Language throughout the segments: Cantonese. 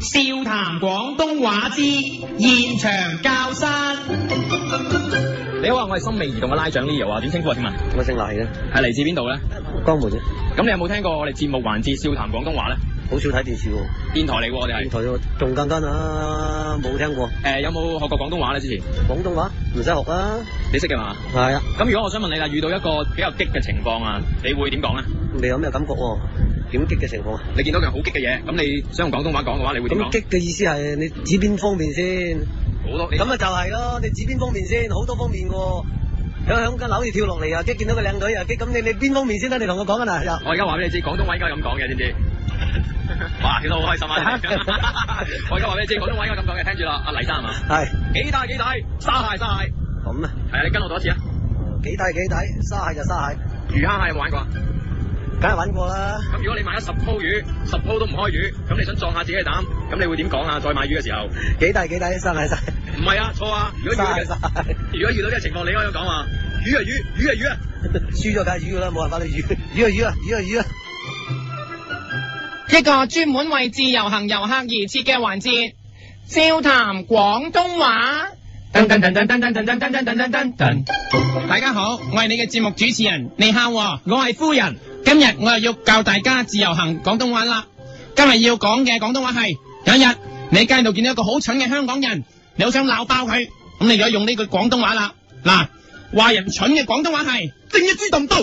笑談廣東話之現場教室。你好啊，我係心未移動嘅拉長呢？又啊。點稱呼啊？點啊？我姓賴嘅，係嚟自邊度咧？江門啫。咁你有冇聽過我哋節目環節笑談廣東話咧？好少睇電視喎、啊，電台嚟㗎我哋係。電台嘅，仲簡單啊，冇、啊、聽過。誒、欸，有冇學過廣東話咧？之前廣東話唔使學啊，你識嘅嘛？係啊。咁如果我想問你啦，遇到一個比較激嘅情況啊，你會點講咧？你有咩感覺喎、啊。點激嘅情況啊？你見到佢好激嘅嘢，咁你想用廣東話講嘅話，你會點激嘅意思係，你指邊方面先？好多咁啊，就係咯，你指邊方面先？好多方面嘅，響間樓要跳落嚟啊！激見到個靚女啊！激咁你你邊方面先得？你同我講緊嗱！我而家話俾你知，廣東話應該咁講嘅，知唔知？ 哇，聽到好開心啊！ 我而家話俾你知，廣東話應該咁講嘅，聽住啦，阿、啊、黎生係嘛？係 是。幾大幾大？沙蟹沙蟹。咁咧、嗯？係啊，你跟我多一次啊！幾大幾大？沙蟹就沙蟹。魚蝦蟹有冇玩過啊？梗係揾過啦。咁如果你買咗十鋪魚，十鋪都唔開魚，咁你想撞下自己嘅膽，咁你會點講啊？再買魚嘅時候，幾大幾大，生晒晒。唔係啊，錯啊。如果如果遇到呢個情況，你可以講啊，魚啊,魚,啊,魚,啊 魚,魚，魚啊魚，輸咗梗係架魚啦，冇辦法，你魚魚啊魚啊魚啊魚啊。魚啊魚啊一個專門為自由行遊客而設嘅環節，笑談廣東話。叛叛叛叛，大家好，我係你嘅節目主持人，你喊、哦、我係夫人，今日我又要教大家自由行廣東話啦。今日要講嘅廣東話係：有一日你喺街度見到一個好蠢嘅香港人，你好想鬧爆佢，咁你而家用呢句廣東話啦，嗱，話人蠢嘅廣東話係正一豬凍刀，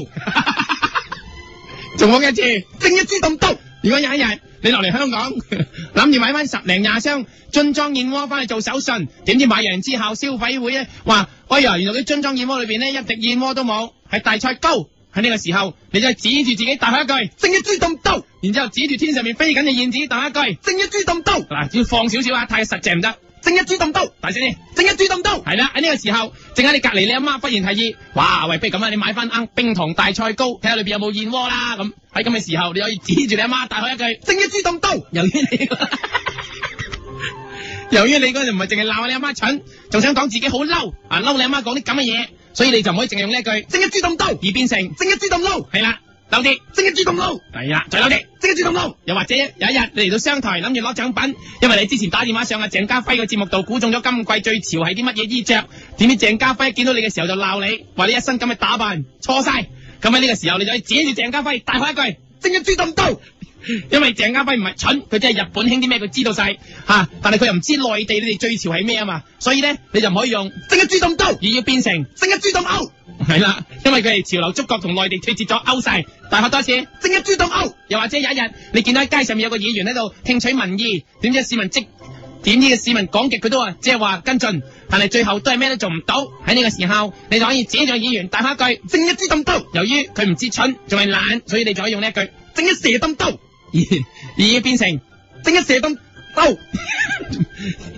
仲 講一次，正一豬凍刀。如果有一日。你落嚟香港，諗 住買翻十零廿箱樽裝燕窩翻去做手信，點知買完之後消委會咧，話，哎呀，原來啲樽裝燕窩裏邊咧，一滴燕窩都冇，係大菜糕。喺呢個時候，你就指住自己大一句，正一豬咁鳩，然之後指住天上面飛緊嘅燕子大一句，正一豬咁鳩。嗱，要放少少啊，太實淨唔得。蒸一豬凍刀，大聲啲，蒸一豬凍刀。係啦，喺呢個時候，正喺你隔籬，你阿媽忽然提議，哇，喂，不如咁啊，你買翻啱冰糖大菜糕，睇下裏邊有冇燕窩啦。咁喺咁嘅時候，你可以指住你阿媽，大喊一句，蒸一豬凍刀。由於你， 由於你嗰陣唔係淨係鬧你阿媽蠢，仲想講自己好嬲，啊嬲你阿媽講啲咁嘅嘢，所以你就唔可以淨係用呢一句蒸一豬凍刀，而變成蒸一豬凍嬲，係啦。留啲，正一豬同路。係啊，再留啲，正一豬同路。又或者有一日你嚟到商台諗住攞獎品，因為你之前打電話上阿鄭家輝嘅節目度，估中咗今季最潮係啲乜嘢衣着。點知鄭家輝見到你嘅時候就鬧你，話你一身咁嘅打扮錯晒。咁喺呢個時候，你就可以指住鄭家輝大嗌一句，正一豬同路。 因為鄭家輝唔係蠢，佢真係日本興啲咩佢知道晒吓、啊，但係佢又唔知內地你哋最潮係咩啊嘛。所以咧，你就唔可以用正一豬同路，而要變成正一豬同歐。係啦，因為佢哋潮流觸覺同內地脫節咗歐勢，大可多次正一豬咁兜。又或者有一日，你見到喺街上面有個議員喺度聽取民意，點知市民即點知嘅市民講極佢都話，即係話跟進，但係最後都係咩都做唔到。喺呢個時候，你就可以指住議員，大下一句正一豬咁兜。由於佢唔知蠢，仲係懶，所以你就可以用呢一句正一蛇咁兜，而變成正一蛇咁兜。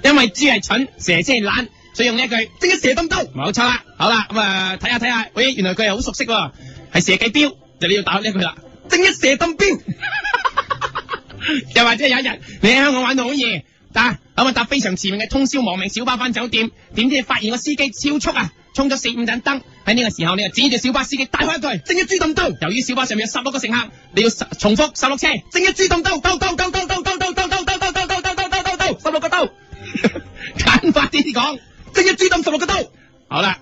因為豬係蠢，蛇先係懶。所以用呢一句，正一射盾刀冇錯啦，好啦咁啊睇下睇下，咦原來佢係好熟悉喎，係射計鏢，就你要打呢一句啦，正一射盾鏢。又或者有一日你喺香港玩到好夜，啊咁啊搭非常馳名嘅通宵亡命小巴翻酒店，點知發現個司機超速啊，衝咗四五盞燈，喺呢個時候，你就指住小巴司機大開一句，正一豬盾刀。由於小巴上面有十六個乘客，你要重複十六次，正一豬盾刀，刀刀刀刀刀刀刀刀刀刀刀刀刀刀刀刀刀十六個刀。簡化啲講。正一朱丹十六個刀，好啦，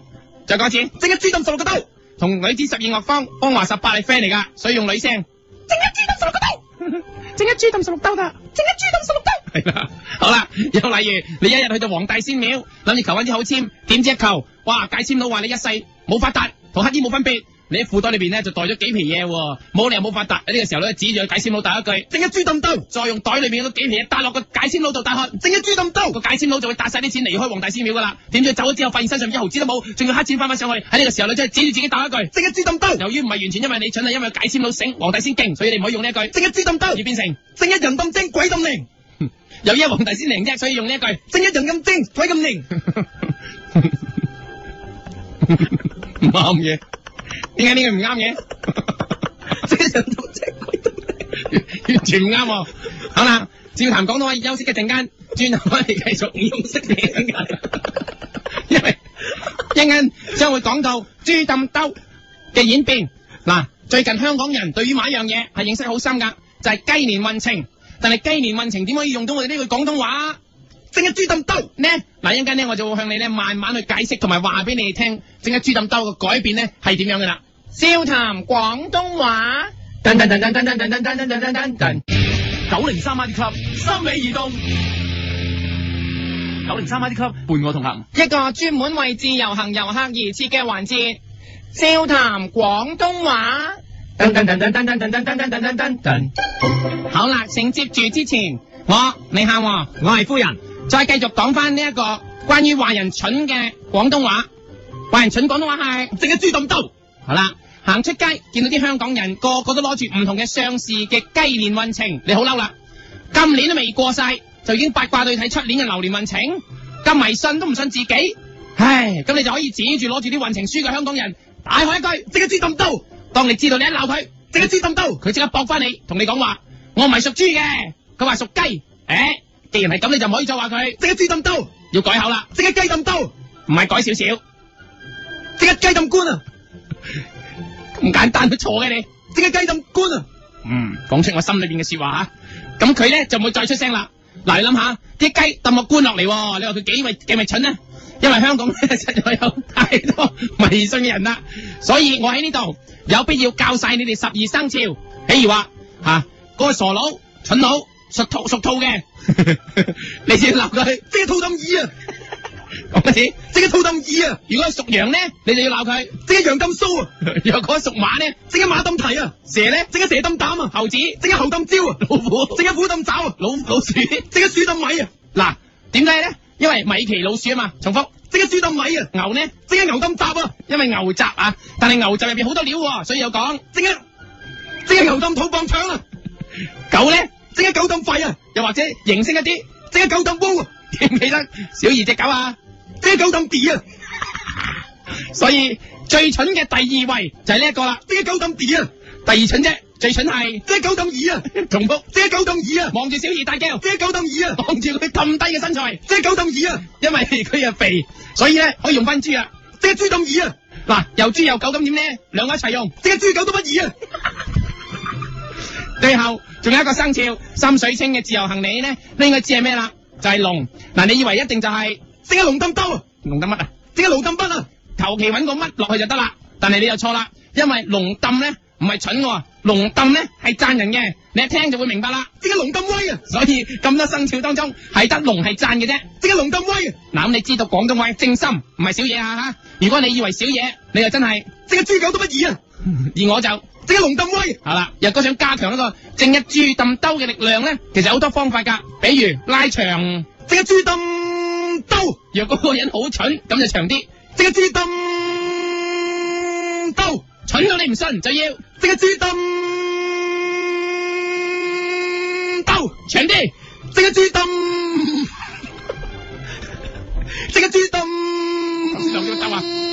再講一次，正一朱丹十六個刀，同女子十二樂坊安華十八係 friend 嚟噶，所以用女聲。 正一朱丹十六個刀，正一朱丹十六刀噶，正一朱丹十六刀。係啦，好啦，又例如你一日去到黃大仙廟，諗住求翻啲好簽，點知一求，哇，解簽佬話你一世冇發達，同乞衣冇分別。你喺褲袋裏邊咧就袋咗幾皮嘢，冇理由冇發達。喺、這、呢個時候咧，指住解簽佬打一句，正一豬咁兜，再用袋裏面嗰幾皮嘢帶落個解簽佬度大漢，正一豬咁兜，個解簽佬就會帶晒啲錢離開黃大仙廟噶啦。點知走咗之後發現身上一毫子都冇，仲要黑錢翻翻上去。喺、這、呢個時候你真係指住自己打一句，正一豬咁兜。由於唔係完全因為你蠢，係因為解簽佬醒，皇帝先勁，所以你唔可以用呢一句，正一豬咁兜而變成正一人咁精鬼咁靈。 由於皇帝先靈啫，所以用呢一句，正一人咁精鬼咁靈。啱嘢。 點解呢句唔啱嘅？即係人多即係，完全唔啱、啊。好啦，照談講到可以休息一陣間，轉頭可以繼續認識你。因為一陣將會講到豬冧兜嘅演變。嗱、啊，最近香港人對於買一樣嘢係認識好深噶，就係、是、雞年運程。但係雞年運程點可以用到我哋呢句廣東話、啊？整一豬凼兜呢？嗱一陣間咧，我就會向你咧，慢慢去解釋同埋話俾你聽，整一豬凼兜嘅改變咧係點樣嘅啦。笑談廣東話，等、等、等、等、等、等、等、等、等、等、等、等。九零三孖啲心理移動，九零三孖啲伴我同行，一個專門為自由行遊客而設嘅環節，笑談廣東話，等、等、等、等、等、等、等、等。噔噔噔噔，好啦，請接住之前，我你喊，我係夫人。再繼續講翻呢一個關於華人蠢嘅廣東話，華人蠢廣東話係，即刻豬咁刀。好啦，行出街見到啲香港人個個都攞住唔同嘅上市嘅雞年運程，你好嬲啦！今年都未過晒，就已經八卦對睇出年嘅流年運程，咁迷信都唔信自己。唉，咁你就可以指住攞住啲運程書嘅香港人嗌佢一句，即刻豬咁刀。當你知道你一鬧佢，即刻豬咁刀，佢即刻駁翻你同你講話，我唔係屬豬嘅。佢話屬雞，誒、欸。既然係咁，你就唔可以再話佢，即刻豬咁兜，要改口啦，即刻雞咁兜，唔係改少少，即刻雞咁官啊，咁 簡單，佢錯嘅你錯，即刻雞咁官啊，嗯，講出我心裏邊嘅說話吓，咁佢咧就唔會再出聲啦。嗱、啊，你諗下，啲雞抌個官落嚟，你話佢幾咪幾咪蠢啊？因為香港咧實在有太多迷信嘅人啦，所以我喺呢度有必要教晒你哋十二生肖，譬如話吓嗰個傻佬、蠢佬、屬兔、屬兔嘅。你要鬧佢，即係兔咁耳啊！講乜事？即係兔咁耳啊！如果屬羊呢，你就要鬧佢，即係羊咁鬚啊！如果屬馬呢，即係馬咁蹄啊！蛇呢，即係蛇咁膽啊！猴子，即係猴咁招啊！老虎，即係虎咁爪啊！老老鼠，即刻鼠咁米啊！嗱，點解呢？因為米奇老鼠啊嘛！重複，即刻鼠咁米啊！牛呢，即刻牛咁雜啊！因為牛雜啊，但係牛雜入邊好多料，所以又講，即刻，即係牛咁肚放腸啊！狗呢？即係九咁廢啊，又或者形升一啲，即係九咁污，記唔記得？小二隻狗啊，即係九咁肥啊，所以最蠢嘅第二位就係呢一個啦，即係九咁肥啊，第二蠢啫，最蠢係即係九咁二啊，重複，即係九咁二啊，望住小二大叫，即係九咁二啊，望住佢咁低嘅身材，即係九咁二啊，因為佢係肥，所以咧可以用翻豬啦，即係豬咁二啊，嗱，又豬又狗咁點咧？兩個一齊用，即係豬狗都不如啊。最後仲有一個生肖，深水清嘅自由行李呢？呢個字係咩啦？就係龍嗱，你以為一定就係正一龍咁兜，龍咁乜啊？正一龍咁兜啊？求其揾個乜落去就得啦。但係你又錯啦，因為龍咁呢唔係蠢嘅，龍咁呢係讚人嘅。你一聽就會明白啦，正一龍咁威啊！所以咁多生肖當中，係得龍係讚嘅啫，正一龍咁威。嗱、啊、你知道廣東話正心唔係小嘢啊吓？如果你以為小嘢，你又真係正一豬狗都不如啊！ 而我就。即刻龍咁威，係啦。若果想加強一個即刻豬揼兜嘅力量咧，其實有好多方法噶。比如拉長即刻豬揼兜，若果個人好蠢，咁就長啲即刻豬揼兜。蠢到你唔信就要即刻豬揼兜長啲，即刻豬揼，即刻豬揼。留要走啊！